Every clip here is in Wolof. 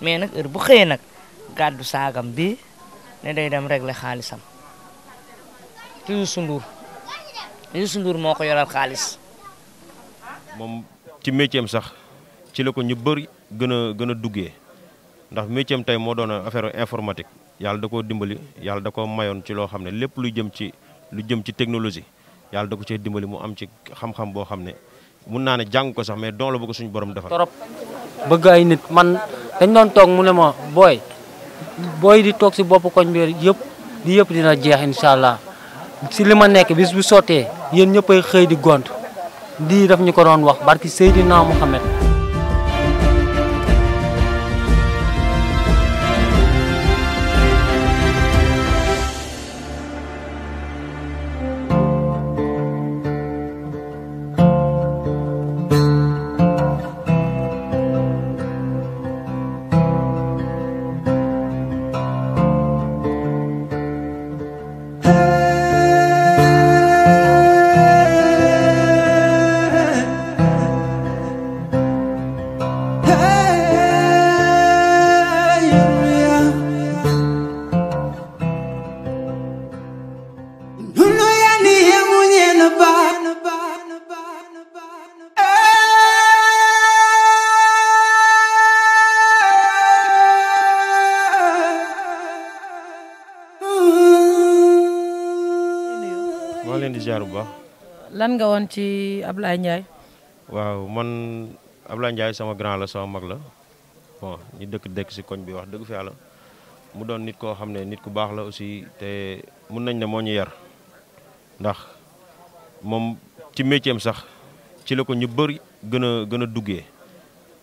mais nag heure bu xëyee nag gàddu saagam bi ne day dem régler xaalisam ci Youssou Ndour Youssou Ndour moo ko yoral xaalis. moom ci métier sax ci la ko ñu bëri gën a gën a duggee ndax métier am tey moo doon affaire informatique yàlla da koo dimbali yàlla da koo mayoon ci loo xam ne lépp lu jëm ci lu jëm ci technologie yàlla da ko cee dimbali mu am ci xam-xam boo xam ne mun naa ne jàng ko sax mais don la bu ko suñu borom defal. torop ay nit man. dañ doon toog mu ne ma booy booy di toog si bopp koñ bi yëpp di yëpp dina jeex incha allah si li ma nekk bis bu sottee yéen ñëppay xëy di gont di daf ñu ko doon wax barki Seydina Muhammad lan nga woon ci Ablaye Ndiaye. waaw man Ablaye Ndiaye sama grand la sama mag la bon ñu dëkk dëkk si koñ bi wax dëggu fi yàlla mu doon nit koo xam ne nit ku baax la aussi te mun nañ ne moo ñu yar ndax moom ci métier sax ci la ko ñu bëri gën a gën a duggee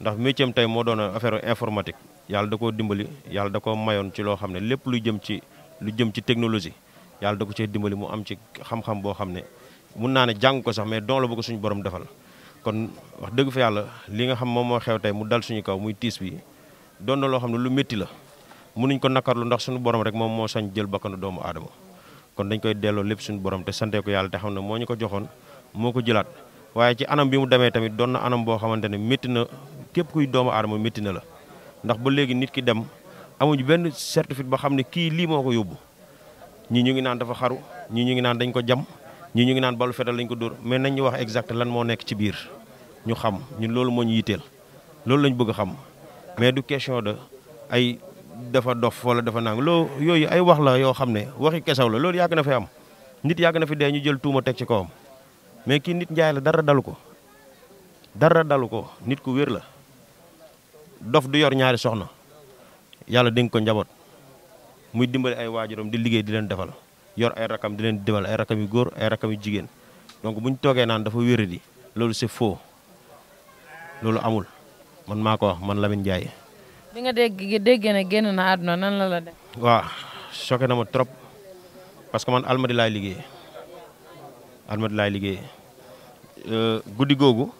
ndax métier am moo doon affaire informatique yàlla da koo dimbali yàlla da koo mayoon ci loo xam ne lépp lu jëm ci lu jëm ci technologie yàlla da ko cee dimbali mu am ci xam-xam boo xam ne. mun naa ne jàng ko sax mais don la bu ko suñu borom defal kon wax dëgg fa yàlla li nga xam moom moo xew tey mu dal suñu kaw muy tiis bi doon na loo xam ne lu métti la mun mënuñ ko nakkarlu ndax suñu borom rek moom moo sañ jël bakkanu doomu aadama kon dañ koy delloo lépp suñu borom te sante ko yàlla te xam ne moo ñu ko joxoon moo ko jëlaat waaye ci anam bi mu demee tamit doon na anam boo xamante ne métti na képp kuy doomu aadama métti na la ndax ba léegi nit ki dem amuñu benn certificat ba xam ne kii lii moo ko yóbbu ñii ñu ngi naan dafa xaru ñii ñu ngi naan dañ ko jam ñi ñu ngi naan balu fetal lañ ko dóor mais nañ ñu wax exact lan moo nekk ci biir ñu xam ñu loolu moo ñu yitteel loolu lañ bëgg a xam mais du question de ay dafa dof wala dafa nang loo yooyu ay wax la yoo xam ne waxi kesew la loolu yàgg na fi am nit yàgg na fi dee ñu jël tuuma teg ci kowam mais kii nit njaay la dara dalu ko dara dalu ko nit ku wér la dof du yor ñaari soxna yàlla dénk ko njaboot muy dimbali ay waajuram di liggéey di leen defal yor ay rakam di leen demal ay rakam yu góor ay rakam yu jigéen donc bu ñu toogee naan dafa wéradi loolu c'est faux loolu amul man maa ko wax man Lamine Ndiaye. bi nga dégg déggee ne génn na nan la la def. waaw choqué na ma trop parce que man almadi laay liggéey almadi laay liggéeyee euh, guddi googu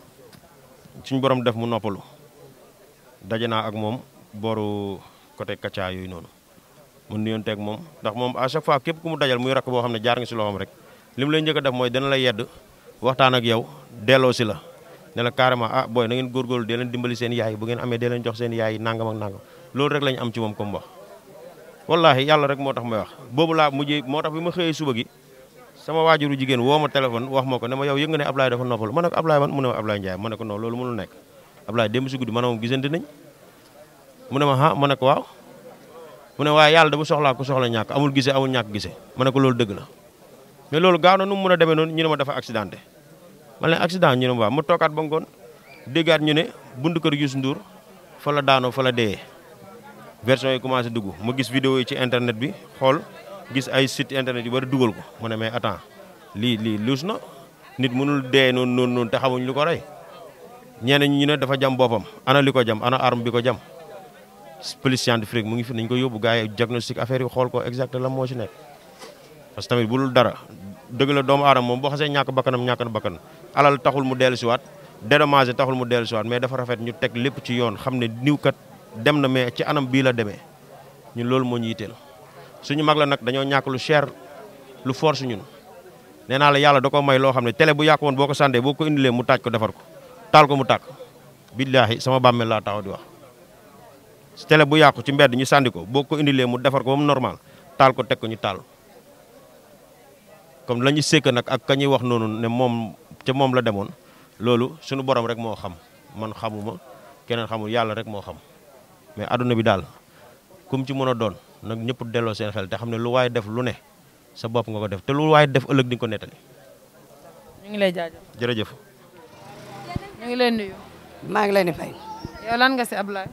suñu borom def mu noppalu daje naa ak moom booru côté Kacha yooyu noonu. mu nuyoon teeg moom ndax moom à chaque fois képp ku mu dajal muy rakk boo xam ne jaar nga si loxoom rek li mu lay njëkk a def mooy dana la yedd waxtaan ak yow delloo si la ne la ah booy na ngeen góorgóorlu dee leen dimbali seen yaay jox seen yaay nangam ak nangam loolu rek lañu am ci moom comme wax wallaahi yàlla rek moo tax ma wax boobu laa mujjee moo tax bi ma xëyee suba gi sama waajuru jigéen woo ma téléphone wax ma ko ne ma yow yëg nga ne Ablaye dafa noppalu ma nekk Ablaye démb mu ne waaye yàlla dafa soxlaa ku soxla ñàkk amul gise amul ñàkk gise ma ne ko loolu dëgg la mais loolu gaaw na nu mu a demee noonu ñu ne ma dafa accidenté ma ne accident ñu ne ma waaw ma toogaat ba ngoon ñu ne buntu kër Youssou Ndour fa la daanoo fa la deeyee version yi commencé dugg ma gis vidéo yi ci internet bi xool gis ay site internet yi bari dugal ko mu ne mais attends lii lii luus na nit mënul dee noonu noonu noonu te xamuñ lu ko rey ñu ñi ne dafa jam boppam ana li ko jam a arm bi ko jam police scientifique mu ngi fi nañ ko yóbbu gars yi diagnostic affaire yi xool ko exact la moo ci nekk parce que tamit bu dul dara dëgg la doomu aadama moom boo xasee ñàkk bakkanam ñàkk na bakkan alal taxul mu dellu siwaat dédommagé taxul mu dellu siwaat mais dafa rafet ñu teg lépp ci yoon xam ne niw kat dem na mais ci anam bii la demee ñun loolu moo ñu yitteel suñu mag la nag dañoo ñàkk lu cher lu force ñun nee naa la yàlla da ko may loo xam ne télé bu yàq woon boo boo ko indilee mu taaj ko defar ko mu tàkk billaahi sama bàmmeel laa taxaw di wax télé bu yàqu ci mbedd ñu sànni ko boo ko indilee mu defar ko ba mu taal ko teg ko ñu taal comme la ñu nag ak ka ñuy wax noonu ne moom ca moom la demoon loolu sunu borom rek moo xam man xamuma keneen xamu yàlla rek moo xam mais adduna bi daal kum ci mën a doon nag ñëpp delloo seen xel te xam ne lu waaye def lu ne sa bopp nga ko def te lu waaye def ëllëg di ko nettali. ñu ngi lay jaajëf jërëjëf. ngi lay nuyu. ngi leen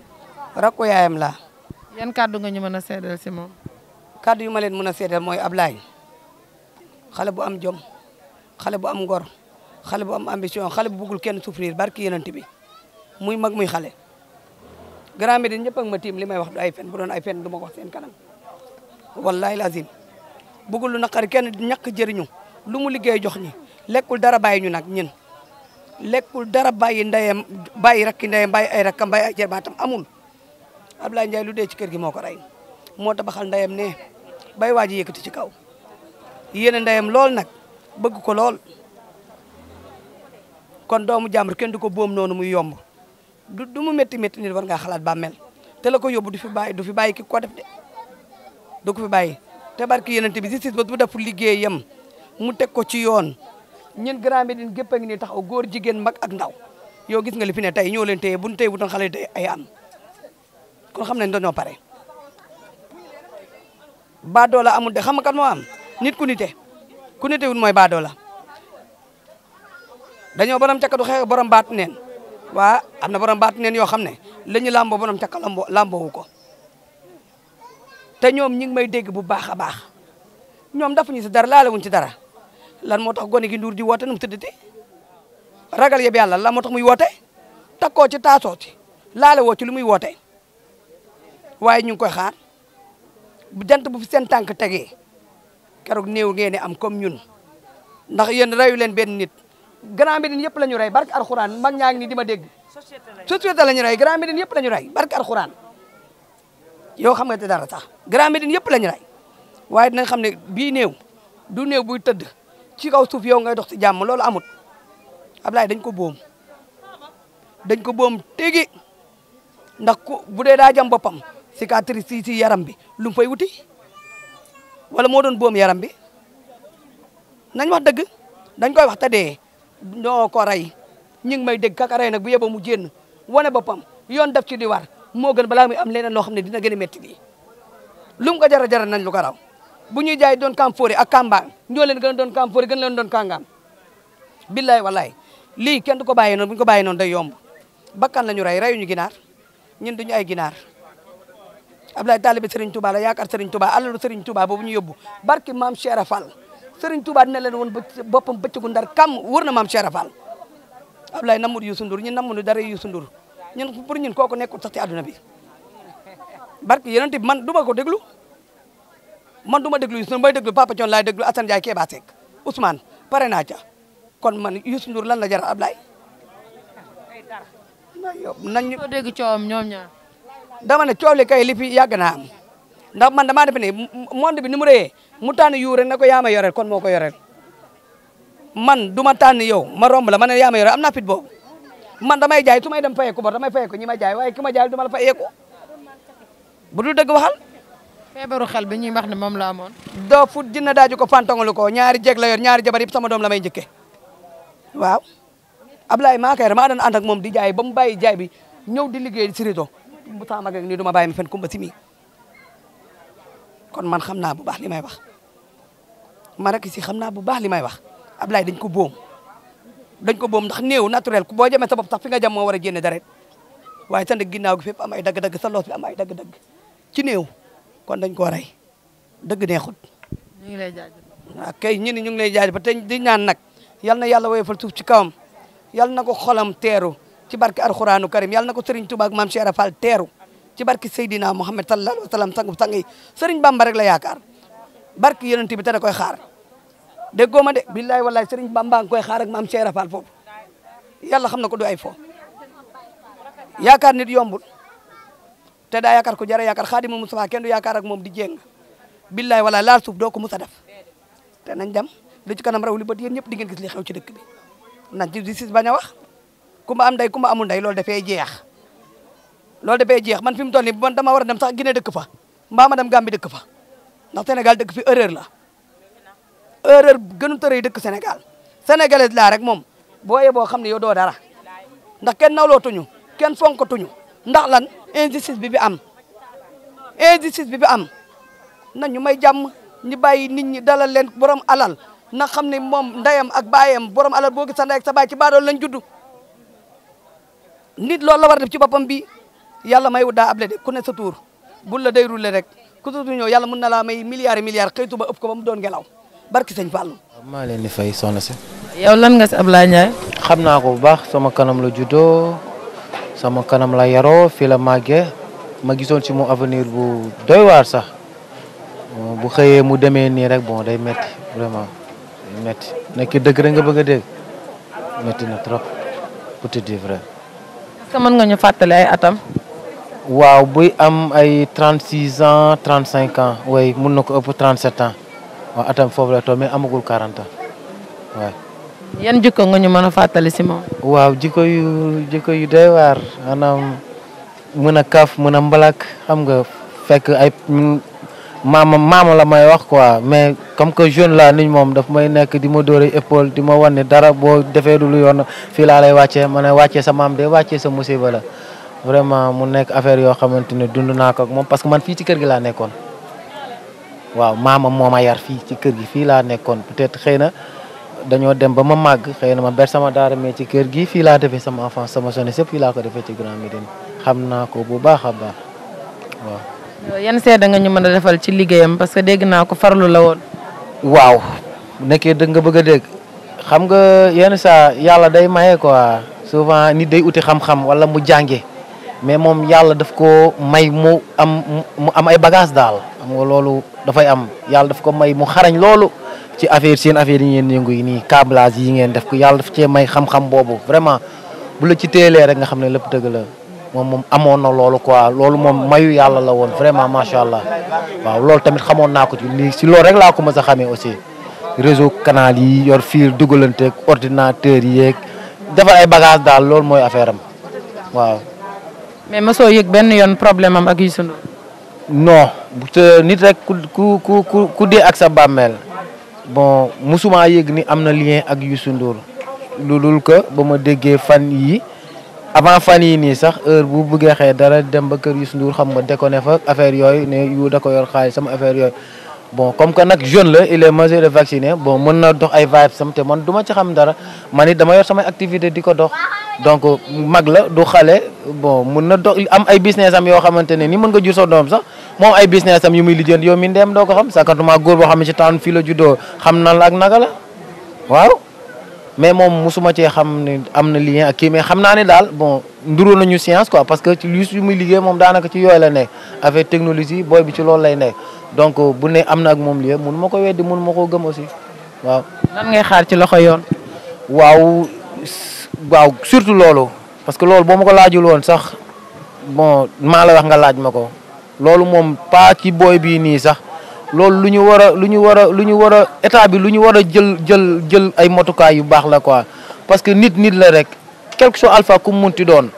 rakku yaayam laa. yan kàddu nga ñu mën a seedeel si moom. kàddu yu ma leen mën a seedeel mooy Ablaye xale bu am jom xale bu am ngor xale bu am ambition xale bu bëggul kenn souffrir barki yonent bi muy mag muy xale. Grand Médine ñëpp ak ma tiim li may wax ay fen bu doon ay fen du ma ko wax seen kanam wallahi lazim bëggul lu naqari kenn ñàkk jëriñu lu mu liggéey jox ñi lekkul dara bàyyi ñu nag ñun lekkul dara bàyyi ndeyam bàyyi rakki ndeyam bàyyi ay rakkam bàyyi ay jarbaatam amul. Ablaye Ndiaye lu dee ci kër gi moo ko rey moo tabaxal ndeyam ne bay waa ji yëkkati ci kaw yéen a ndeyam lool nag bëgg ko lool kon doomu jàmbur kenn du ko boom noonu muy yomb du du mu métti métti nit war ngaa xalaat bàmmeel te la ko yóbbu du fi bàyyi du fi bàyyi ki ko def de du ko fi bàyyi te barki yeneen bi justice ba du def liggéeyam mu teg ko ci yoon ñun Grand Médine gépp a ngi nii taxaw góor jigéen mag ak ndaw yow gis nga li fi ne tey ñoo leen téye bu ñu téye tey ay am kon xam nañ dañoo pare baadoola amul de xam nga kan moo am nit ku nite ku nite wul mooy baadoola dañoo borom cakka du xeex borom baatu neen waa am na borom baatu neen yoo xam ne la ñu làmboo borom cakka làmboo làmboowu ko te ñoom ñi ngi may dégg bu baax a baax ñoom dafa ñu si dara laale wuñ ci dara lan moo tax gone gi nduur di woote nu mu tëddati ragal yëpp yàlla lan moo tax muy woote takkoo ci taasoo ci laale woo ci lu muy woote waaye ñu ngi koy xaar bu jant bu fi seen tànk tegee keroog néew ngeen am comme ñun ndax yéen reyu leen benn nit Grand Médine la ñu rey barke alxuraan mag ñaa ngi ni di ma dégg société la ñu rey Grand Médine yëpp la ñu rey barke alxuraan yoo xam nga te dara sax Grand Médine yëpp la ñu waaye dinañ xam ne bii néew du néew buy tëdd ci kaw suuf yow ngay dox ci jàmm loolu amut Ablaye dañ ko boom dañ ko boom tegi ndax ko bu dee daa jam boppam cicatrice yi ci yaram bi lu mu fay wuti wala moo doon boom yaram bi nañ wax dëgg dañ koy wax te dee ñoo ko ray ñu ngi may dégg kaka rey nag bu yeboo mu génn wane boppam yoon def ci di war moo gën balaa muy am leneen loo xam ne dina gën a métti lii lu mu ko jara jara nañ lu ko bu ñuy jaay doon kam fóore ak kamba ñoo leen gën a doon kam fóore gën leen doon kàngaam billaay wallaay lii kenn du ko bàyyee noonu bu ñu ko bàyyee noonu day yomb bakkan la ñu ray rey ñu ginaar ñun duñu ay ginaar Ablaye taalibe Serigne Touba la yaakaar Serigne Touba alalu Serigne Touba boobu ñu yóbbu barke maam Cheikh Rafal Serigne Touba dina leen woon boppam bëccëgu ndar kam wër na maam Cheikh Rafal Ablaye namul Youssou Ndour ñun namul dara Youssou Ndour ñun pour ñun kooku nekkul sax ci àdduna bi barke yonent bi man du ma ko déglu man du ma déglu Youssou Ndour may déglu Papa Thion laay déglu Assane Ndiaye Kéba Seck Ousmane pare naa ca kon man Youssou Ndour lan la jaral Ablaye. nañ ñu. soo dégg dama ne coow li kay li fi yàgg naa am ndax man damaa def ne monde bi ni mu rëyee mu tànn yu rek ne ko yaama yore kon moo ko yoreel man du ma tànn yow ma romb la ma ne yaa ma yoreel am naa fit boobu man damay jaay su may dem fayeeku bor damay fayeeku ñi ma jaay waaye ki ma jaay du ma la fayeeku bu dul dëgg waxal. feebaru xel bi ñuy wax ne moom la amoon. doo fu dina daaju ko fantangalu ko ñaari jeeg la yor ñaari jabar yëpp sama doom la may njëkkee waaw Ablaye Makaire maa doon ànd ak moom di jaay ba mu bàyyi jaay bi ñëw di liggéey si réseau kumba taama ak nii du ma bàyyi ma fen kumba simi kon man xam naa bu baax li may wax ma rek si xam naa bu baax li may wax Ablaye dañ ko boom dañ ko boom ndax néew naturel ku boo jamee sa bopp tax fi nga jam moo war a génne deret waaye sa nag ginnaaw gi fépp am ay dagg-dagg sa loos bi am ay dagg-dagg ci néew kon dañ koo rey dëgg neexut. ñu ngi lay jaajëfal waaw ah, kay ñu ni ñu ngi lay te di ñaan nag yal na yàlla woyofal suuf ci kawam yal na ko xolam teeru. ci barke alxuraanu karim yàlla na ko Serigne Touba ak maam Cheikh Rafal teeru ci barke Seydina Muhammad sallallahu alayhi wa sallam sangu sang yi Serigne Bamba rek la yaakaar barke yonent bi te koy xaar déggoo ma de billahi wallahi Serigne Bamba nga koy xaar ak maam Cheikh Rafal foofu yàlla xam na ko du ay fo yaakaar nit yombul te daa yaakaar ko jara yaakaar xaadimu Mustafa kenn du yaakaar ak moom di jéng billahi wallahi laal suuf doo ko mus a def te nañ dem lu ci kanam raw li bët yéen ñëpp di ngeen gis ci dëkk bi nañ ci a wax ku ma am nday ku ma amul day loolu dafay jeex loolu dafay jeex man fi mu toll nii man dama war a dem sax Guinée dëkk fa mbaa ma dem Gambie dëkk fa ndax Sénégal dëkk fi erreur la erreur gënu tërëy dëkk senegal sénégalais laa rek moom boo yeboo xam ne yow doo dara ndax kenn nawlootuñu kenn fonkatuñu ndax lan injustice bi bi am injustice bibi bi am nañu may jàmm ñu bàyyi nit ñi dalal leen borom alal na xam ne moom ndeyam ak baayam borom alal boo gis sa ndey sa baay ci baadool lañ judd nit loolu la war a def ci boppam bi yàlla may wut daa able de ku ne sa tuur bul la day rulle rek ku sa tuur ñëw yàlla mën na laa may milliards milliards xëytu ba ëpp ko ba mu doon ngelaw barki sëñ Fallou. maa leen di fay soxna si. yow lan nga si Ablaye Ndiaye. xam naa ko bu baax sama kanam la juddoo sama kanam la yaroo fii la màggee ma gisoon ci moom avenir bu doy waar sax bu xëyee mu demee nii rek bon day metti vraiment day metti nekk dëgg rek nga bëgg a dégg metti na trop pour te vrai. que mën nga ñu fàttali ay atam. waaw buy am ay trente six ans trente cinq ans waaye mun na ko ëpp trente sept waaw atam foofu la toll mais amagul quarante ans yan jikko nga ñu mën a fàttali si moom. waaw jikko yu jikko yu doy waar maanaam a kaaf mën a mbalak xam nga maama maama la ma wax quoi mais comme que jeune la niñ moom daf may nekk di ma dóore épaule di ma wan ne dara boo defee du lu yoon fii laa la wàccee ma ne wàccee sa maam de wàccee sa musiba vraiment mu nekk affaire yoo xamante ne dund naa ko moom parce que man fi ci kër gi laa nekkoon waaw maama moo ma yar fii ci kër gi fii laa nekkoon peut-être xëy na dañoo dem ba ma màgg xëy na ma ber sama daara mais ci kër gi fii laa defee sama enfance sama jeunesse yëpp fii laa ko defee ci Grand Médine xam naa ko bu baax a baax Euh, yan seede nga ñu mën a defal ci liggéeyam parce que dégg naa ko farlu la woon. waaw nekkee dëgg nga bëgg a dégg xam nga yenn saa yàlla day maye ko souvent nit day uti xam-xam wala mu jànge mais moom yàlla daf ko may mu am mu am ay bagage daal xam nga loolu dafay am yàlla daf ko may mu xarañ loolu ci affaire seen affaire yi ngeen yëngu yi nii câblage yi ngeen def ko yàlla daf cee may xam-xam boobu vraiment bu la ci teelee rek nga xam ne la dëgg la. moom moom amoon na loolu quoi loolu moom mayu yàlla la woon vraiment macha allah waaw loolu tamit xamoon naa ko ci si loolu rek laa ko mës a xamee aussi réseau canal yi yor fiir dugalanteeg ordinateur yi yeeg defar ay bagage daal loolu mooy affaire am waaw. mais mosoo yëg benn yoon problème am ak Youssou Ndour. non te nit rek ku ku ku ku dee ak sa bàmmeel bon mosuma yëg ni am na lien ak Youssou Ndour lu dul que ba ma fan yi avant fan yii nii sax heure bu bëggee xëy dara dem ba kër Youssou Ndour xam ma déconné fa affaire yooyu ne yu da ko yor xaalis sama affaire yooyu bon comme que nag jeune la il est majeur de vacciné bon mën na dox ay vibes sam man du ma ci xam dara man dama yor samay activité di ko dox donc mag la du xale bon mën na dox am ay business am yoo xamante ne ni mën nga jur sa doom sax moom ay business am yu muy lijjanti yow mi ndeem doo ko xam sakatuma góor boo xam ne ci taan fi la juddoo xam na la ak la waaw mais moom mosuma cee xam ne am na lien kii mais xam naa ne daal bon nduroo ñu science quoi parce que ci li su muy liggéey moom daanaka ci yooy la nekk avec technologie booy bi ci loolu lay nekk donc bu ne am na ak moom lien mënu ma ko weddi mënu ma koo gëm aussi waaw. lan ngay xaar ci loxo yoon. waaw waaw surtout loolu parce que loolu boo ma ko laajul woon sax bon maa la wax nga laaj ma ko loolu moom pas ci booy bi nii sax. loolu lu ñu war a lu ñu war a lu ñu war a état bi lu ñu war a jël jël jël ay motukaay yu baax la quoi parce que nit nit la rek quelque chose alpha ku mun munti doon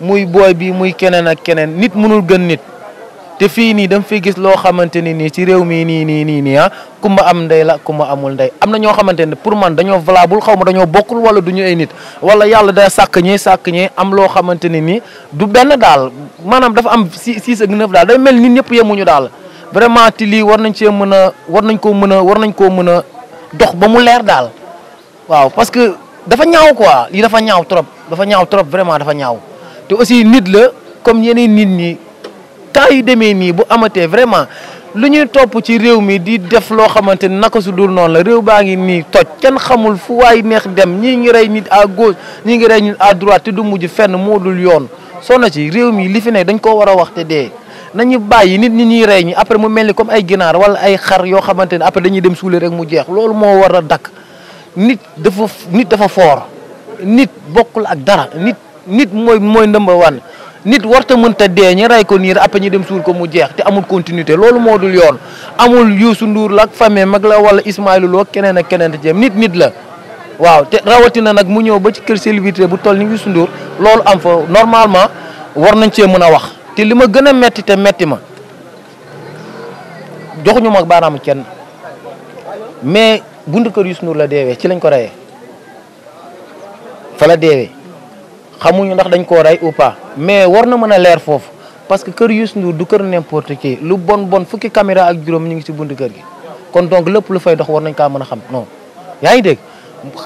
muy booy bi muy keneen ak keneen nit mënul gën nit. te fii nii dama fi gis loo xamante ni nii ci réew mii nii nii nii nii ah ku am ndey la ku amul ndey am na ñoo xamante ne pour man dañoo valable xaw ma dañoo bokkul wala du ñu ay nit wala yàlla da sàkk ñee sàkk ñee am loo xamante ne nii du benn daal maanaam dafa am six six ak neuf daal day mel nit ñëpp yemuñu daal. vraiment ti lii war nañ cee mën a war nañ koo mën a war nañ koo mën a dox ba mu leer daal waaw parce que dafa ñaaw quoi lii dafa ñaaw trop dafa ñaaw trop vraiment dafa ñaaw te aussi nit la comme yeneen nit ñi temps yu demee nii bu amatee vraiment lu ñuy topp ci réew mi di def loo xamante ni naka su dul noonu la réew baa ngi nii toj kenn xamul fu waay neex dem ñii ngi rey nit à gauche ñii ngi rey nit à droite te du mujj fen moo dul yoon soo ci réew mi li fi nekk dañ koo war a wax te dee nañu bàyyi nit ñi ñuy rey ñi après mu mel ni comme ay ginaar wala ay xar yoo xamante ne après dañuy dem suule rek mu jeex loolu moo war a dakk nit dafa nit dafa foor nit bokkul ak dara nit nit mooy mooy ndëmba wan nit war mën mënta dee ñu rey ko niir après ñu dem suul ko mu jeex te amul continuité loolu moo dul yoon amul Youssou Ndour la ak famille mag la wala Ismaïla Lo keneen ak keneen jëm nit nit la waaw te rawatina nag mu ñëw ba ci kër célébrité bu toll ni Youssou Ndour loolu am fa normalement war nañ cee mën a wax li ma gën a metti te metti ma joxuñu ma baaraamu kenn mais buntu kër Youssou Ndour la deewee ci lañ ko reyee fa la deewee xamuñu ndax dañ koo rey ou pas mais war na mën a leer foofu parce que kër Youssou Ndour du kër n'importe qui lu bon bon fukki caméra ak juróom ñu ngi ci buntu kër gi kon donc lépp lu fay dox war nañ kaa mën a xam non yaa ngi dégg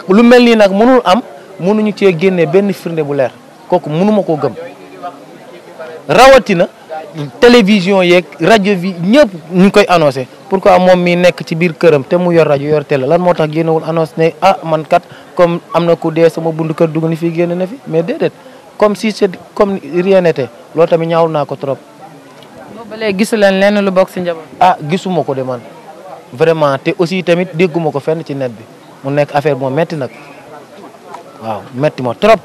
lu mel nii nag mënul am mënuñu cee génnee benn firnde bu leer kooku mënuma koo gëm rawatina télévision yeeg rajo bi ñëpp ñu koy annoncé pourquoi moom mi nekk ci biir këram te mu yor rajo yor télé lan moo tax génnewul annonce ne ah man kat comme am na ku dee sama bundu ka dugg ni fi génn na fi mais déedéet comme si c'est comme rien n'était loolu tamit ñaawul naa ko trop. ba léegi gisu leen lenn lu bokk si njaboot. ah gisuma ko de man vraiment te aussi tamit dégguma ko fenn ci net bi mu nekk affaire bu ma metti nag waaw metti ma trop.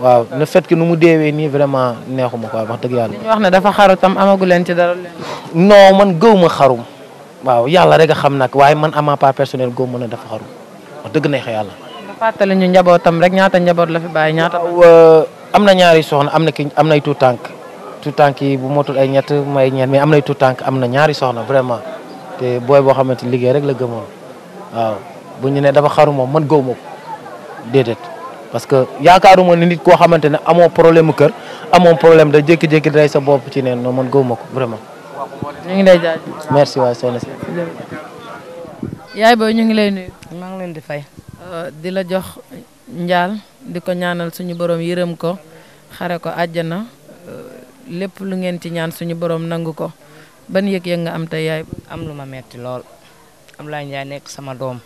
waaw le fait que nu mu deewee nii vraiment neexuma ko wax dëgg yàlla. li ne dafa xaru tam ama amagu leen ci dara. non man gëw ma xarum. waaw yàlla rek a xam na waaye man amaa part personnel gëw ma ne dafa xarum wax dëgg neex yàlla. nga fàttali ñu njabootam rek ñaata njaboot la fi ñaata. Euh, am na ñaari soxna am na ki am nay tuut tànk tuut tànk yi bu motul ay ñett may ñeent am nay tuut tànk am na ñaari soxna vraiment te booy boo xamante liggéey rek la gëmoon waaw bu ñu man gëw ma ko parce que yaakaar yaakaaruma ne nit koo xamante ne amoo problème mu kër amoo problème da jékki-jékki day sa bopp ci neen non man gëwuma ko vraiment. ñu ngi lay jaajëf. merci waay soxna si. yaay ñu ngi lay maa ngi leen di fay. Euh, di la jox njaal di ko ñaanal suñu borom yërëm ko xare ko àjjana euh, lépp lu ngeen ci ñaan suñu borom nangu ko ban yëg-yëg nga am tey yaay. am lu ma metti lool am laa Ndiaye nekk sama doom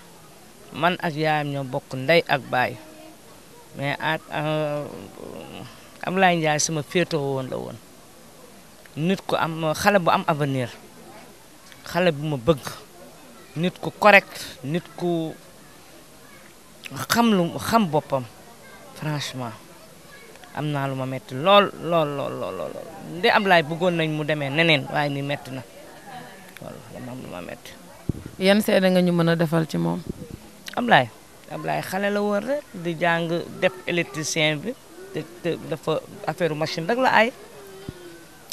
man ak yaayam ñoo bokk ndey ak baay. mais ah Ablaye Ndiaye sama féetoo woon la woon nit ku am xale bu am avenir xale bu ma bëgg nit ku correct nit ku xam lu xam boppam franchement am naa lu ma metti lool lool lool lool nde Ablaye bëggoon nañ mu demee neneen waaye ni metti na loolu dama am yan seede nga ñu mën a defal ci moom Ablaye Ablaye xale la woon rek di jàng def électricien bi te te dafa affaire machine rek la ay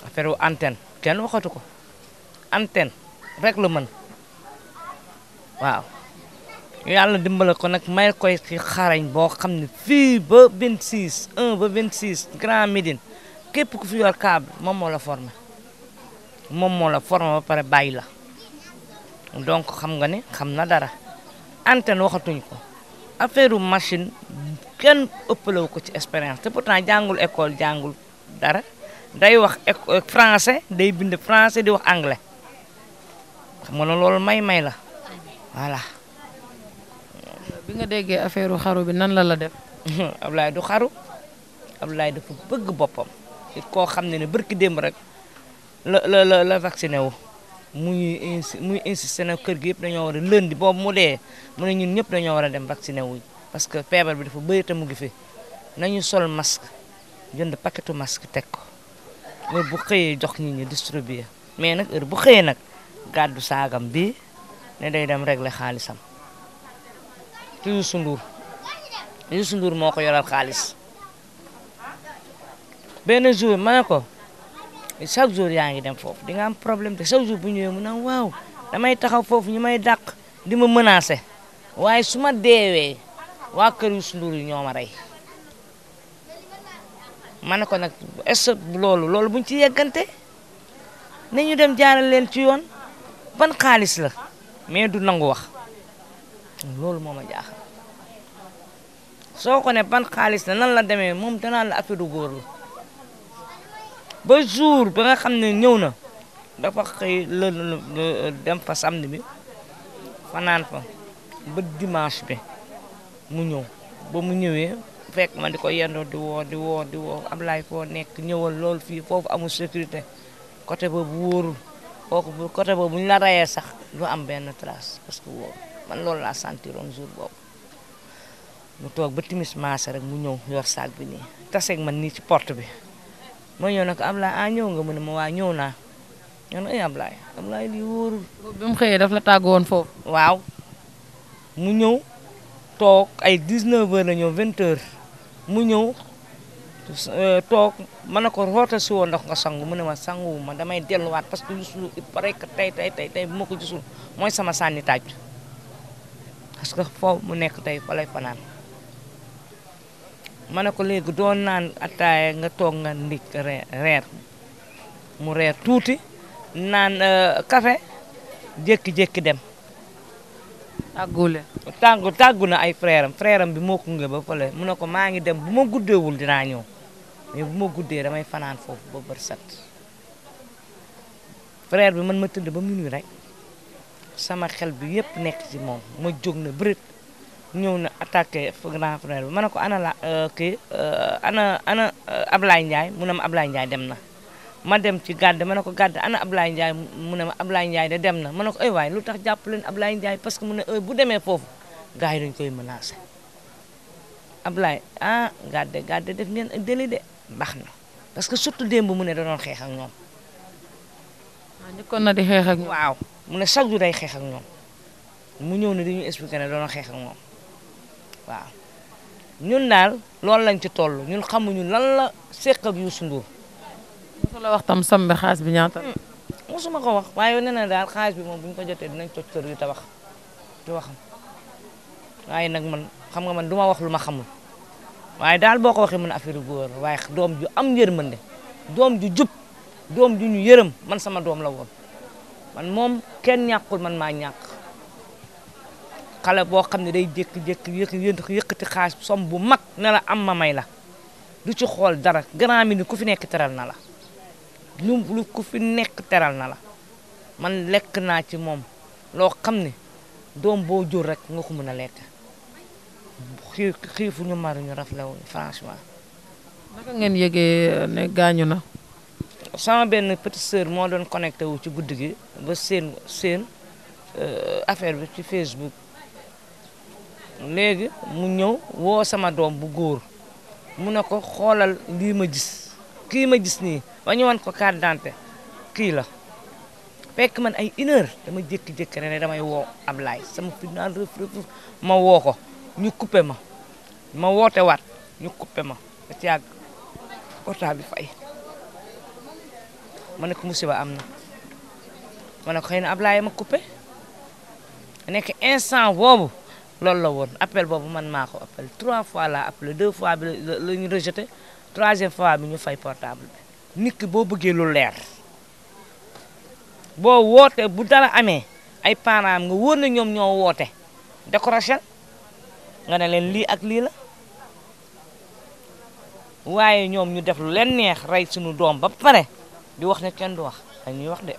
affaire wu anten kenn waxatu ko anten rek la mën waaw yàlla dimbale ko nag may koy xarañ boo xam ne fii ba 26 1 ba 26 Grand Médine képp ku fi yor câble moom moo la formé moom moo la formé ba pare bàyyi la donc xam nga ni xam na dara anten waxatuñ ko affaire machine kenn ëppalewu ko ci expérience te pourtant jàngul école jàngul dara day wax euh, français day bind français di wax anglais xam nga ne loolu may-may la voilà. bi nga déggee affaire xaru bi nan la la def. Ablaye du xaru Ablaye dafa bëgg boppam. koo xam ne ne barki démb rek la la la la vacciné wu. mu ñuy insi muy insisté na kër gi yëpp dañoo war a lundi boobu mu dee mu ne ñun ñëpp dañoo war a dem vacciné wuñ parce que feebar bi dafa bëri mu ngi fi nañu sol masque jënd paketu masque teg ko heure bu xëyee jox nit ñi distribuer mais nag heure bu xëyee nag gàddu saagam bi ne day dem régler xaalisam ci Youssou Ndour Youssou Ndour moo ko yoral xaalis benn jour ma ko chaque jour yaa ngi dem foofu di am problème te chaque jour bu ñëwee mu ne waaw damay taxaw foofu ñu may dàq di ma menacer waaye su ma deewee waa kër Youssou Ndour yi ñoo ma rey ma ne ko nag est loolu loolu buñ ci yeggante na ñu dem jaaral leen ci yoon ban xaalis la mais du nangu wax loolu moo a jaaxal soo ko ne ban xaalis la nan la demee moom danaa la affaire góor la ba jour ba nga xam ne ñëw na dafa xëy la dem fa samedi bi fanaan fa ba dimanche bi mu ñëw ba mu ñëwee fekk ma di ko yendoo di woo di woo di woo Ablaye foo nekk ñëwal lool fii foofu amul sécurité côté boobu wóorul kooku bu côté boobu ñu la rayee sax du am benn trace parce que wóorul man loolu laa sentiroon jour boobu mu toog ba timis maase rek mu ñëw yor saak bi nii taseeg ma nii ci porte bi mooy ñëw nag Ablaye ah ñëw nga mu ne ma waa ñëw naa ñoo ay Ablaye Ablaye lii wóorul. bi mu xëyee daf la tàggu woon foo waaw mu ñëw toog ay 19h la ñëw 20h mu ñëw euh, toog man na ko roota si woon ndax nga sangu mu ne ma sanguwu ma damay delluwaat parce que gisul il paraît tey tey tey bu ma ko gisul mooy sama sànni tàcc parce que foofu mu nekk tey fa fanaan. ma ne ko léegi doon naan attaaya nga toog nga ndik reer mu reer tuuti naan kafe euh, jékki-jékki dem. tàggule tàggu tàggu na ay frère am bi moo ko ba fële mu ne ko maa ngi dem bu ma guddeewul dinaa ñëw mais bu ma guddee damay fanaan foofu ba bër sat bi man ma tëdd ba minuit rek sama xel bi yëpp nekk ci moom ma jóg na bërët ñëw na attaqué grand frère bi ma ne ko ana la euh, kii euh, ana ana euh, Ablaye Ndiaye mu ne ma Ablaye Ndiaye dem na ma dem ci gàdd ma ne ko gàdd ana Ablaye Ndiaye mu ne ma Ablaye Ndiaye de dem na ma ne ko ay waay lu tax jàpp leen Ablaye Ndiaye parce que mu ne bu demee foofu gars yi dañ koy menacé Ablaye ah gàdde gàdde def ngeen ak délai de na parce que surtout démb mu ne da doon xeex ak ñoom. waaw ah, njëkkoon xeex ak waaw mu ne chaque jour day xeex ak ñoom mu ñëw ne di ñu expliqué ne da doon xeex ñoom. aa ñun daal loolu lañ ci toll ñun xamuñu lan la séq ak Youssou Ndour. mosu la wax tam sambe xaalis bi ñaata. Hmm, mosuma ko wax waaye nee na daal xaalis bi moom bu ñu ko jotee dinañ toj kër gi di waxam waaye nag man xam nga man duma wax lu ma xamul waaye daal boo ko waxee mën affaire góor waaye doom ju am yërmande doom ju jub doom ju ñu yërëm man sama doom la woon man moom kenn ñàkkul man maa ñàkk. xale boo xam ne day jékki-jékki yëkkati yëkkati xaas som bu mag ne am ma may la du ci xool dara grand mi ni ku fi nekk teral na la ñu nekk teral na la man lekk naa ci moom loo xam ne doom boo jur rek nga ko mën a lekk xii xiifuñu maruñu raflewuñu franchement naka ngeen yëgee euh, ne na sama benn petite sœur moo doon connecté wu ci guddi gi ba seen seen euh, affaire bi ci Facebook léegi mu ñëw woo sama doom bu góor mu ne ko xoolal lii ma gis kii ma gis nii ba wan ko carte d'identité kii la fekk man ay une dama jékki-jékki ne damay woo Ablaye sama final rëf rëf ma woo ko ñu coupé ma ma woote waat ñu coupé ma ba ci yàgg portable fay ma ne ko musiba am na ma ne ko xëy na Ablaye ma coupé nekk instant boobu loolu la woon appel boobu man maa ko appel trois fois la appelé deux fois bi la ñu rejeté troisième fois bi ñu fay portable bi nit boo bëggee lu leer boo wootee bu dara amee ay parents nga wóor na ñoom ñoo woote décoration nga ne leen lii ak lii la waaye ñoom ñu def lu leen neex rey suñu doom ba pare di wax ne kenn du wax dañuy wax de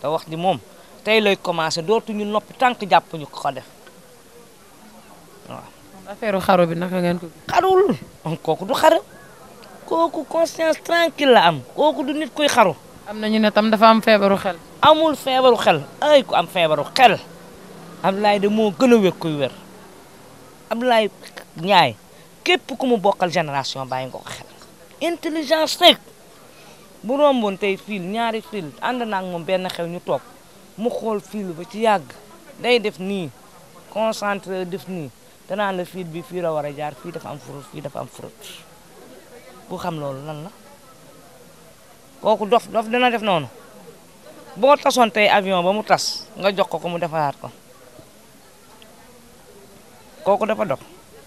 te wax di moom tey lay commencé dootuñu noppi tànk jàpp ñu ko def waaw. affaire xaru bi naka ngeen ko. xarul kooku du xaru kooku conscience tranquille am kooku du nit kuy xaru. am na ñu ne tam dafa am feebaru xel. amul feebaru xel ay ku am feebaru xel lay de moo gën a wér kuy wér lay ñaay képp ku mu bokkal génération bàyyi nga ko xel. intelligence rek bu romboon tey fil ñaari fil ànd naa moom benn xew ñu toog mu xool fil ba ci yàgg day def nii concentré def nii. danaan la fiit bi fii la war a jaar fii dafa am furut fii am furut ku xam loolu lan la kooku dof dof dana def noonu boo tasoon tey avion ba mu tas nga jox ko ko mu defaraat ko kooku dafa dof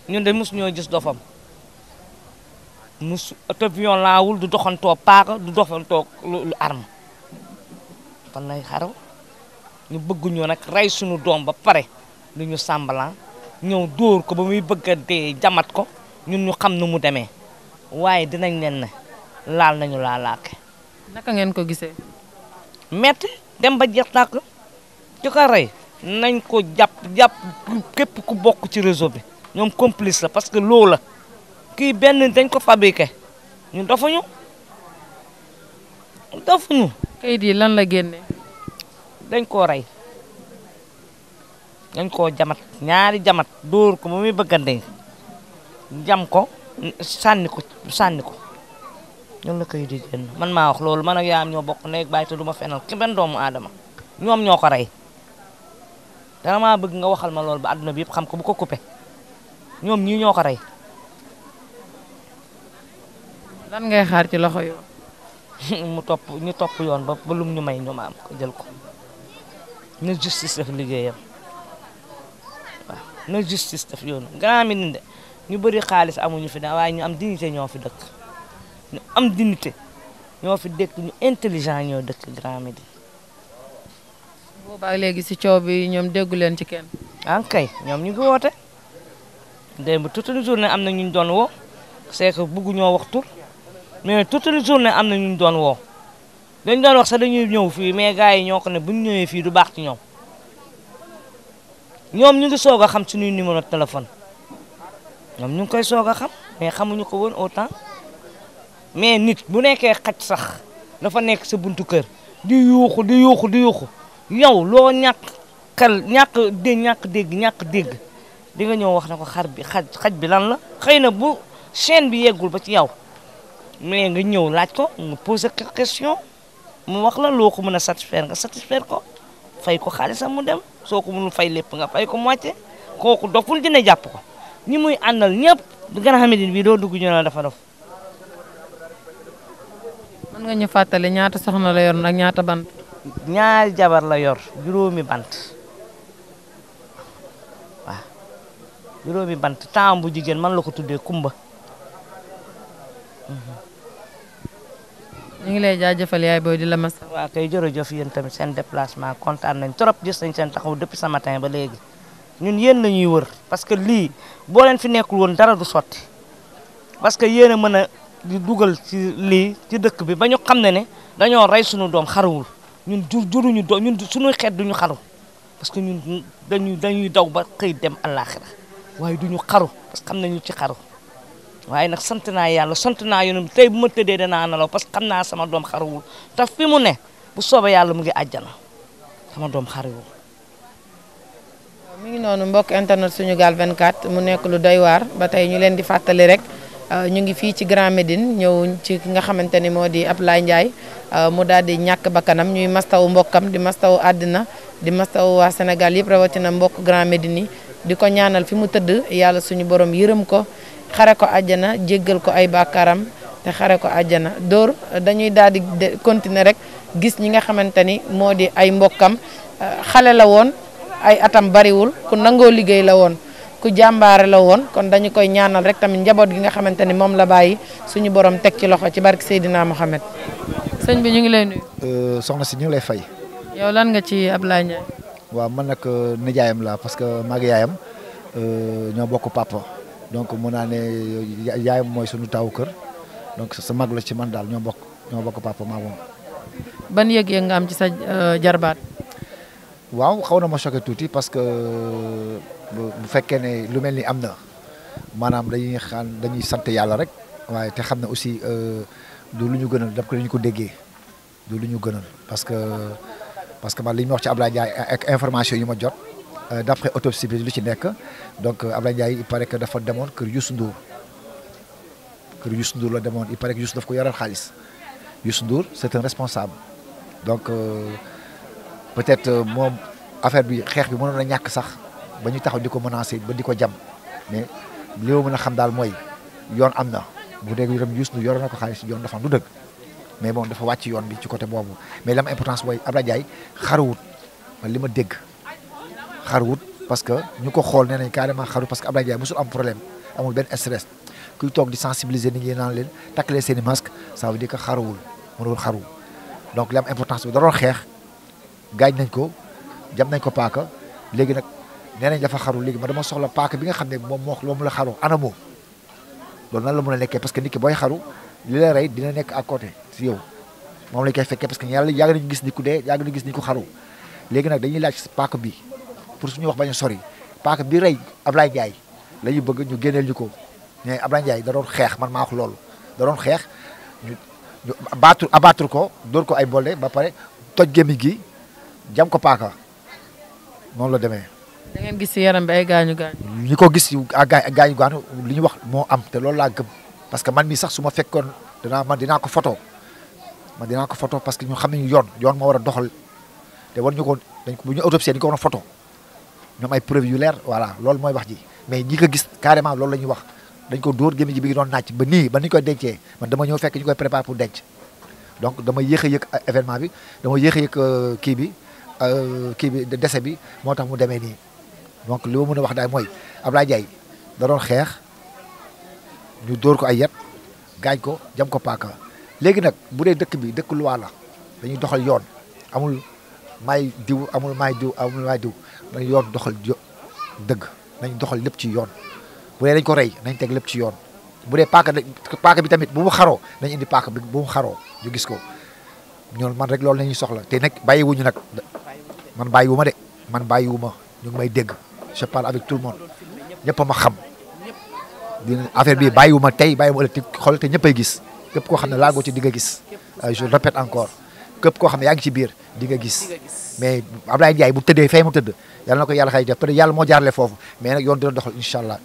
ñun de mus ñoo gis dofam mus te avion laawul du doxantoo paaka du doxantoo lu arme fan lay xaraw ñu bëgg ñoo nag rey suñu doom ba pare lu ñu sàmbalan ñëw dóor ko ba muy bëgg a dee jamat ko ñun ñu xam nu mu demee waaye dinañ leen ne laal nañu laalaake naka ngeen ko gisee. metti dem ba jeex tàkk ci rey nañ ko jàpp jàpp képp ku bokk ci réseau bi ñoom complice la parce que loolu la kii benn dañ ko fabriqué ñun dafuñu dafuñu. kayit yi lan la génne. dañ koo rey. dañ koo jamat ñaari jamat dóor ko ba muy bëggandee ko sànni ko ko ñoom la koy di génn man maa wax loolu man ak ñoo bokk ndey ak du ma fenal ki benn doomu aadama ñoom ñoo ko rey dara maa bëgg nga waxal ma loolu ba àdduna bi yëpp xam ko bu ko coupé ñoom ñii ñoo ko rey. lan ngay xaar ci loxo yoon. mu topp ñu topp yoon ba ba lum ñu may ñu ma am jël ko ñu justice liggéeyam. na justice def yoonu Grand Médine de ñu bëri xaalis amuñu fi da waaye ñu am dignité ñoo fi dëkk ñu am dignité ñoo fi dëkk ñu intelligent ñoo dëkk Grand Médine boobaa léegi si coow bi ñoom déggu leen ci kenn an ah, kay ñoom ñu ngi woote démb toute une journée am na ñu doon woo c'est que bëgguñoo wax tur mais toute une journée am na ñu doon woo dañ doon wax sax dañuy ñëw fii mais gars yi ñoo ko ne bu ñu ñëwee fii du baax ci ñoom ñoom ñu ngi soog a xam suñuy numéro téléphone ñoom ñu ngi koy soog a xam mais xamuñu ko woon autant mais nit bu nekkee xaj sax dafa nekk sa buntu kër di yuux di yuux di yuuxu yow loo ñàkk xel ñàkk dé ñàkk dégg ñàkk dégg di nga ñëw wax na ko xar bi xaj xaj bi lan la xëy na bu chaîne bi yeggul ba ci yow mais nga ñëw laaj ko nga posé question mu wax la loo ko mën a satisfaire nga satisfaire ko fay ko xaalisam mu dem soo ko mënul fay lépp nga fay ko moitié kooku doful dina jàpp ko ñi muy àndal ñëpp du gën a xam bii doo dugg ñu la dafa dof. mën nga ñu fàttali ñaata soxna la yor nag ñaata bant. ñaari jabar la yor juróomi bant waaw juróomi bu jigéen man la ko tuddee kumba. Mhm. ñu ngi lay jaajëfal booy di la masa waaw kay jërëjëf yéen tamit seen déplacement kontaan nañ trop gis nañ seen taxaw depuis ce ba léegi ñun yéen la ñuy wër parce que lii boo leen fi nekkul woon dara du sotti parce que yéen a mën a di dugal si lii dëkk bi ba ñu xam ne ne dañoo rey suñu doom xaruwul ñun jur juruñu doom ñun suñu xeet duñu xaru parce que ñun dañuy dañuy daw ba xëy dem àllaaxira waaye du ñu xaru parce que xam nañu ci xaru waaye nag sant naa yàlla sant naa yoonu tey bu ma tëddee danaa nelaw parce que xam naa sama doom xaruwul te fi mu ne bu soobee yàlla mu ngi àjjana sama doom xaruwul. mu ngi noonu mbokk internet Sunugal 24 mu nekk lu doy waar ba tey ñu leen di fàttali rek euh, ñu ngi fii ci Grand Médine ñëw ci ki nga xamante ni moo di Ablaye Ndiaye euh, mu daal di ñàkk bakkanam ñuy mastawu mbokkam di mastawu àddina di mastawu waa Sénégal yëpp rawatina mbokk Grand Médine yi di ko ñaanal fi mu tëdd yàlla suñu borom yërëm ko. xare ko àjjana jéggal ko ay bàkkaaram te xare ko àjjana dóor dañuy daal di continuer rek gis ñi nga xamante ni moo di ay mbokkam euh, xale la woon ay atam bariwul ku nangoo liggéey la woon ku jàmbaare la woon kon dañu koy ñaanal rek tamit njaboot gi nga xamante ni moom la bàyyi suñu borom teg ci loxo ci barke Seydina Mohamed. sëñ bi ñu ngi lay nuyu. Euh, soxna si ñu ngi lay fay. yow lan nga ci Ablaye Ndiaye. waaw mën nag euh, nijaayam la parce que mag yaayam ñoo bokk papa. donc mun naa ne yaayam mooy suñu taawu kër donc sa mag la ci man daal ñoo bokk ñoo bokk papa maa moom. ban yëg-yëg nga am ci sa euh, jarbaat. waaw xaw na ma choqué tuuti parce que bu fekkee ne lu mel ni am na maanaam dañuy xaan dañuy sant yàlla rek waaye te xam ne aussi euh, du lu ñu gënal daf ko ñu ko déggee du lu ñu gënal parce que parce que man li ñu wax ci Ablaye Ndiaye ak information yi ma jot. Euh, d'après autopsie bi lu ci nekk donc euh, Ablaye Ndiaye il paraît que dafa demoon kër Youssou Ndour kër Youssou Ndour la demoon il paraît que Youssou daf ko yoral xaalis Youssou Ndour c'est un responsable donc euh, peut-être moom affaire bi xeex bi mënoon na ñàkk sax ba ñu taxaw di ko menacer ba di ko jam mais li ma mën xam daal mooy yoon am na bu dee yoram Youssou Ndour yoroon na ko xaalis yoon dafa am du dëgg mais bon dafa wàcc yoon bi ci côté boobu mais la am importance mooy Ablaye Ndiaye xaruwut li ma dégg. xarwut parce que ñu ko xool nee nañ carrément xarut parce que Abdoulaye Ndiaye mosul am problème amul benn stress kuy toog di sensibiliser nit ñi naan leen takkalee seen i masque ça veut dire que xaruwul mënul xaru donc li am importance bi da xeex gaañ nañ ko jam nañ ko paaka léegi nag nee dafa xaru léegi ma dama soxla paaka bi nga xam ne moom moo loolu la xaroo anamo loolu nan la mën a nekkee parce que nit booy xaru li la rey dina nekk à côté si yow moom lañ koy fekkee parce que yàlla yàgg gis ni ku dee yàgg gis ni ku xaru léegi nag dañuy laaj paaka bi pour suñu wax bañ a sori parce que bi rey Ablaye Ndiaye la ñu bëgg ñu génneel ñu ko mais Ablaye Ndiaye da xeex man maa wax loolu da xeex ñu ñu ko dóor ko ay bolle ba pare toj gémmiñ gi jam ko paaka noonu la demee. da gis si yaram bi ay gaañu gaañu. ko gis ay gaañu gaañu li ñu wax moo am te loolu laa gëm man mii sax su ma fekkoon dinaa man dinaa ko photo man dinaa ko photo parce que ñu xam ne yoon yoon moo war a doxal te war ñu ko dañ ko bu ñu autopsie dañ ko war photo ñoom ay preuve yu leer voilà loolu mooy wax ji mais ñi ko gis carrément loolu la ñuy wax dañ ko dóor gémmiñ ji bi ngi doon nàcc ba nii ba ni ñu koy dencee man dama ñëw fekk ñu koy préparé pour denc donc dama yéex a yëg euh, événement bi dama yéex a yëg euh, kii bi euh, kii bi décès bi moo tax mu demee nii donc li ma mën a wax daal mooy Ablaye Ndiaye da doon xeex ñu dóor ko ay yet gaañ ko jam ko paaka léegi nag bu dee dëkk bi dëkk luwaa la dañuy doxal yoon amul maay diw amul maay diw amul maay diw nañ yoon doxal dëgg nañ doxal lépp ci yoon bu dee ko rey nañ teg lépp ci yoon bu dee paaka paaka bi tamit bu mu xaroo nañ indi paaka bi bu mu xaroo ñu gis ko ñoon man rek loolu la soxla te nag bàyyiwuñu nag man bàyyiwu ma de man bàyyiwu ma ñu may dégg je parle avec tout le monde ñëpp a ma xam affaire bi bàyyiwu ma tey bàyyiwu ma ti xool te ñëpp ay gis képp koo xam ne laagoo ci di nga gis euh, je répète encore képp koo xam ne yaa ngi ci biir di nga gis mais Ablaye Ndiaye bu tëddee fay mu tëdd yàlla na ko yàlla xëy def peut-être yàlla moo jaarale foofu mais nag yoon dina doxal incha allah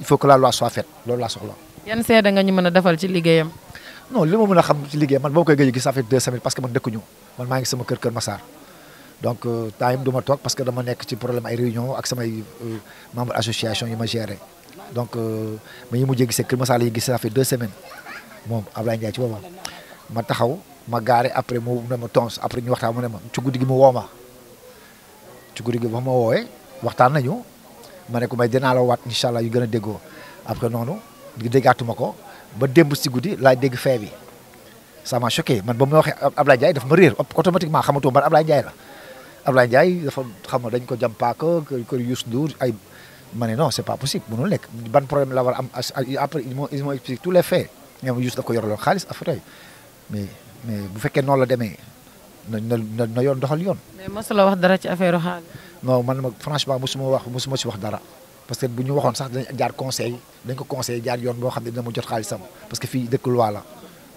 il faut que la loi soit faite loolu laa soxla. yan seede nga ñu mën a defal ci liggéeyam. non li ma mën a xam ci liggéeyam man boo koy gëj a gis ça fait deux semaines parce que man dëkkuñu man maa ngi sama kër kër Massar donc euh, temps yii du ma toog parce que dama nekk ci problème ay réunion ak samay euh, membre association yi ma géré donc euh, ma ñu mujjee gisee kër Massar la ñuy gis ça fait deux semaines moom Ablaye Ndiaye ci boobam ma taxaw ma gaare après mu ne ma tons après ñu waxtaan mu ne ma ci guddi gi mu woo ma ci guddi gi ba ma woowee waxtaan nañu ma ne ko may dinaa la waat incha allah yu gën a déggoo après noonu déggaatuma ko ba démb si guddi laa dégg feebi sama ça man ba mu waxee Ablaye Ndiaye daf ma réer automatiquement xamatuma man Ablaye Ndiaye la Ablaye Ndiaye dafa xam na dañ ko jam paaka kër Youssou Ndour ay ma ne non c'est pas possible mënul nekk ban problème la war am après ils m'ont expliqué tous les faits ñoom Youssou da ko yoraloon mais bu fekkee noonu la demee na na na yoon doxal yoon. mais mosula wax dara ci affaire xaalis. non man ma franchement mosuma wax mosuma si wax dara parce que bu ñu waxoon sax dañ jaar conseil dañ ko conseil jaar yoon boo xam ne dina ma jot xaalisam parce que fii dëkk loi la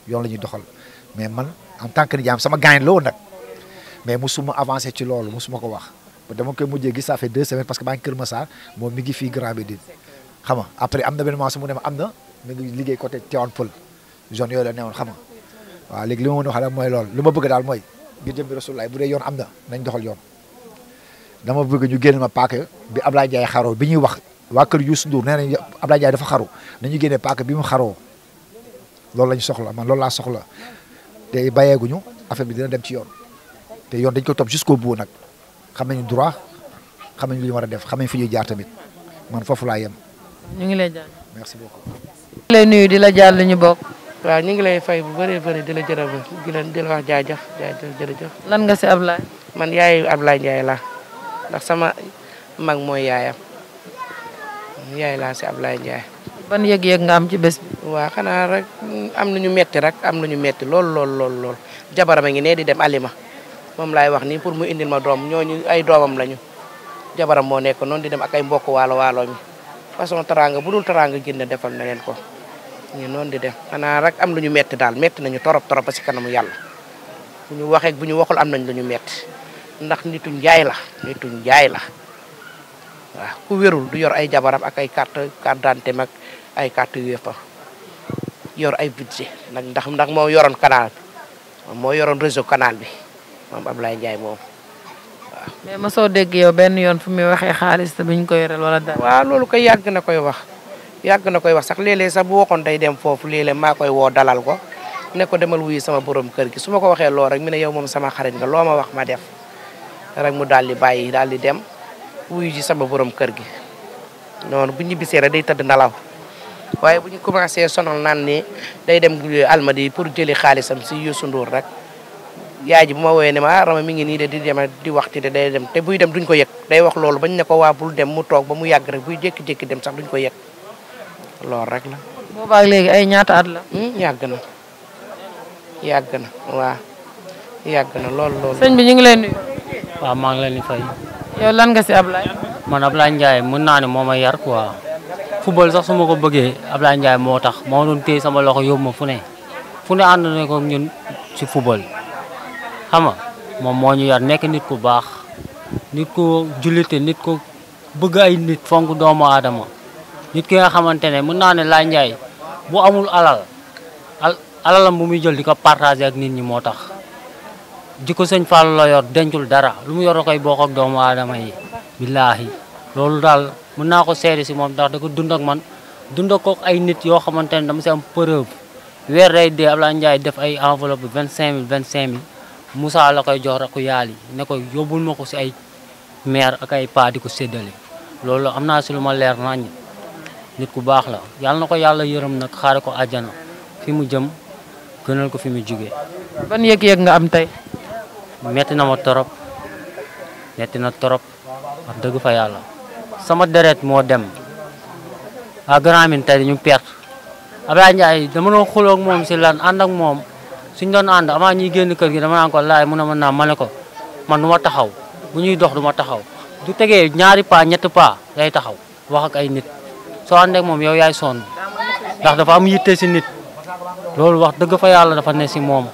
yoon la ñuy doxal mais man en tant que nijaam sama gaañ la nag mais mosuma avancé ci loolu mosuma ko wax ba dama koy mujjee gis ça fait deux semaines parce que maa ngi Kër Massar ma am na mi ngi liggéey côté Tivaouane Peulh yooyu la newoon xam waaw léegi li ma mën a wax daal mooy loolu li ma bëgg daal mooy ngir jëm bi bu dee yoon am na nañ doxal yoon dama bëgg ñu génn ma paaka bi Ablaye Ndiaye xaroo bi ñuy wax waa kër Youssou Ndour nee nañ Ablaye Ndiaye dafa xaru nañu génne paaka bi mu xaroo loolu lañ soxla man loolu laa soxla te bàyyeeguñu affaire bi dina dem ci yoon te yoon dañ ko topp jusqu'au bout nag xam nañu droit xam nañu lu war a def xam nañu fi ñuy jaar tamit man foofu laa yem. ñu ngi lay jaar merci waaw ñu ngi lay fay bu bëree bëri di la jërëjëf di leen di la wax jaajëf jaajëf jërëjëf. lan nga si Ablaye. man yaayu Ablaye Ndiaye laa ndax sama mag mooy yaayam yaay laa si laay Ndiaye. ban yëg-yëg nga am ci bés bi. xanaa rek am nañu metti rek am nañu metti lool lool lool lool jabaram a ngi ne di dem alima moom laay wax nii pour mu indil ma doom ñooñu ay doomam lañu jabaram moo nekk noonu di dem ak ay mbokk waalo waalo mi façon teraanga bu dul teraanga génn defal na leen ko. ñu noonu di dem xanaa rek am lu ñu metti daal mett nañu torop torop ba si mu yàlla bu ñu waxee bu ñu waxul am nañ lu ñu metti ndax nitu njaay la nitu njaay la waaw ku wérul du yor ay jabaram ak ay carte carte mag ay carte UEFA yor ay budget nag ndax ndax moo yoroon canal moo yoroon réseau kanaal bi moom Ablaye Ndiaye moom waaw. mosoo dégg yow benn yoon fu muy waxee xaalis te buñ ko yoreel wala dara. waaw loolu koy yàgg na koy wax. yàgg na koy wax sax léeg sax bu waxoon day dem foofu léeg-léeg maa koy woo dalal ko ne ko demal wuyu sama borom kër gi su ma ko waxee loo rek mu ne yow moom sama xarit nga loo ma wax ma def rek mu daal di bàyyi daal di dem wuyu ji sama borom kër gi noonu bu ñu bisee rek day tëdd nalaw waaye bu ñu commencé sonal naan ni day dem almadi pour jëli xaalisam si Youssou Ndour rek yaay ji bu ma woowee ne ma ah rama mi ngi nii de di dem di waxti de day dem te buy dem duñ ko yëg day wax bañ ne ko waa bul dem mu toog ba mu yàgg rek buy jékki-jékki dem sax duñ ko yëg loolu rek la. boobaag léegi ay ñaata at la. Hmm, yàgg na yàgg na waaw yàgg na lool lool. sëñ bi ñu ngi lay maa ngi leen di fay. yow lan nga si Ablaye. man Ablaye Ndiaye mën naa ne moo ma yar quoi. football sax su ma ko bëggee Ablaye Ndiaye moo tax moo doon téye sama loxo yóbbu ma fu ne na ko ñun ci football xam nga moom moo ñu yar nekk nit ku baax nit ku jullite nit ku bëgg ay nit fonk doomu aadama. nit ki nga xamante ne mën naa ne Laye Ndiaye bu amul alal al alalam bu muy jël di ko partagé ak nit ñi moo tax di ko sëñ Fallou la yor dencul dara lu mu yor da koy bokk ak doomu aadama yi billaahi loolu daal mën naa ko seede si moom ndax da ko dund ak man dund ko ay nit yoo xamante ne dama si am preuve weer day dee Ablaye Ndiaye def ay enveloppe vingt cinq mille vingt cinq mille Moussa la koy jox rek ku yaal yi ne ko yóbbul ma ko si ay maire ak ay paa di ko séddale loolu am naa si lu ma nit ku baax la yàlla na ko yàlla yërëm nag xaare ko àjjana fi mu jëm gënal ko fi mu jugee. ban yëg-yëg nga am tey. metti na ma torop metti na torop wax fa yàlla sama deret moo dem à grand mine tey dañu perte Ablaye Ndiaye dama doon xuloo moom si lan ànd moom suñ doon ànd avant ñuy génn kër gi dama naan ko laay mu ne ma naa ma ne ko man du taxaw bu ñuy dox du taxaw du tegee ñaari pas ñetti pas day taxaw wax ay nit. soo àndeek moom yow yaay soon ndax dafa am yitte si nit loolu wax dëgg fa yàlla dafa ne si moom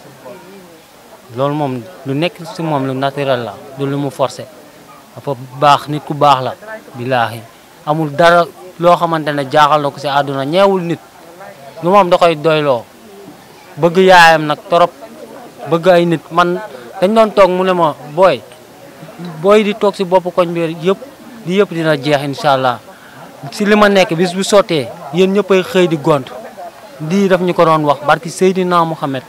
loolu moom lu nekk si moom lu naturel la du lu mu forcé dafa baax nit ku baax la billaahi amul dara loo xamante ne jaaxal ko si àdduna ñeewul nit lu moom da doyloo bëgg yaayam nag torop bëgg ay nit man dañ doon toog mu ne ma booy booy di toog si bopp koñ bi yëpp di yëpp dina jeex incha allah si li ma nekk bis bu sottee yéen ñëppay xëy di gont lii daf ñu ko doon wax barki Seydina Mouhamed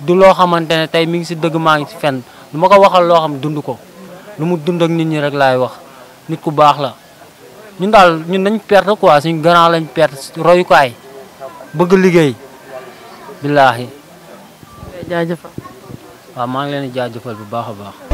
du loo xamante ne tey mi ngi si dëgg maa ngi si fenn lu ma ko waxal loo xam dund ko lu mu dund ak nit ñi rek laay wax nit ku baax la ñu daal ñun dañ perte quoi suñu grand lañ perte royukaay bëgg liggéey billaahi jaajëfal waaw maa ngi leen di jaajëfal bu baax a baax